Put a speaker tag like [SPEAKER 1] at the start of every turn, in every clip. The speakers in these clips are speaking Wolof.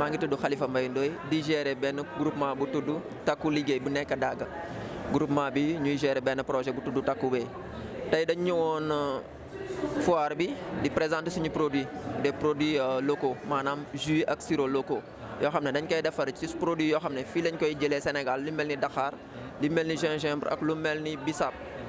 [SPEAKER 1] ma ngi tuddu Khalifa Mbaye ndoy di gérer ben groupement bu tuddu takuli liguey bu nek Grup groupement bi ñuy gérer ben projet bu tuddu takku we tay dañ ñewon euh, foire bi di présenter suñu produit des produits euh, locaux manam jus ak sirop locaux yo xamne dañ koy défar ci produit yo xamne fi lañ koy jëlé Sénégal li melni Dakar li melni gingembre ak lu melni ni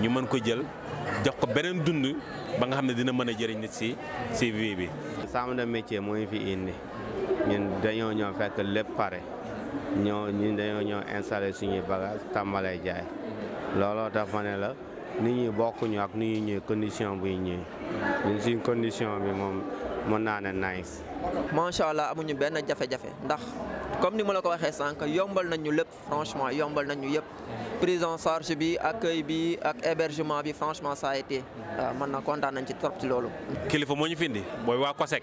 [SPEAKER 2] ñu mën ko jël jox ko beneen dund ba nga xam ne dina mën a jëriñ nit si si vie bi. chambre de métier mooy fi indi
[SPEAKER 3] ñun dañoo ñoo fekk lépp pare ñoo ñun dañoo ñoo installé suñuy bagage tàmbalee jaay looloo tax ma nit ñi bokkuñu ak nit ñi ñëwee condition bi ñëwee ñun suñ condition bi moom mën naa ne nice.
[SPEAKER 1] macha allah amuñu benn jafe-jafe ndax comme ni ma la ko waxee sànq yombal nañu lépp franchement yombal nañu yëpp prise en charge bi accueil bi ak hébergement bi franchement ça a euh, mën na kontaan nañ ci trop ci loolu.
[SPEAKER 2] kilifa moo ñu fi indi booy waa kosek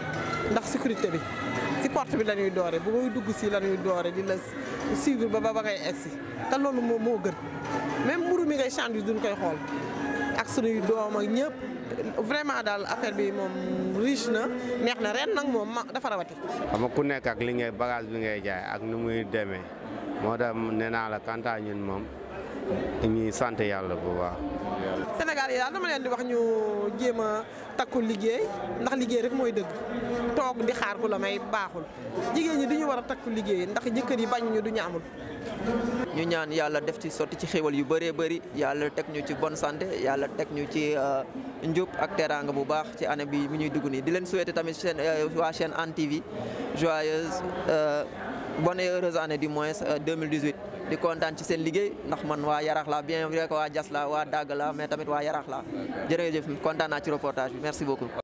[SPEAKER 4] ndax sécurité bi si porte bi la doore bu ngay dugg si la doore di la suivre ba ba ngay egg si te loolu moo moo gën même mburu mi ngay change duñ koy xool ak suñuy doom ak vraiment daal affaire bi moom riche na neex na ren nag moom dafa rawati
[SPEAKER 3] xam nga ku nekk ak li ngay bagage bi ngay jaay ak nu muy demee moo tax nee naa la kantaa ñun moom ñuy sant yàlla bu baax
[SPEAKER 4] Sénégal yi daal dama leen di wax ñu jéem a takku liggéey ndax liggéey rek mooy dëgg toog di xaar ku la may baaxul jigéen ñi du ñu war a takku liggéey ndax jëkkër yi bañ ñu du ñu amul.
[SPEAKER 1] ñu ñaan yàlla def ci sotti ci xéwal yu bëree bëri yàlla teg ñu ci bon santé yàlla teg ñu ci euh, njub ak teraanga bu baax ci année bi bu ñuy dugg nii di leen souhaiter tamit seen euh, waa chaîne Hann TV joyeuse euh, bonne et heureuse année du moins 2018. di kontaan ci seen liggéey ndax man waa Yaraax laa bien vrai que waa Jas la waa Dagg mais tamit waa Yaraax laa jërëjëf kontaan naa ci reportage bi merci beaucoup.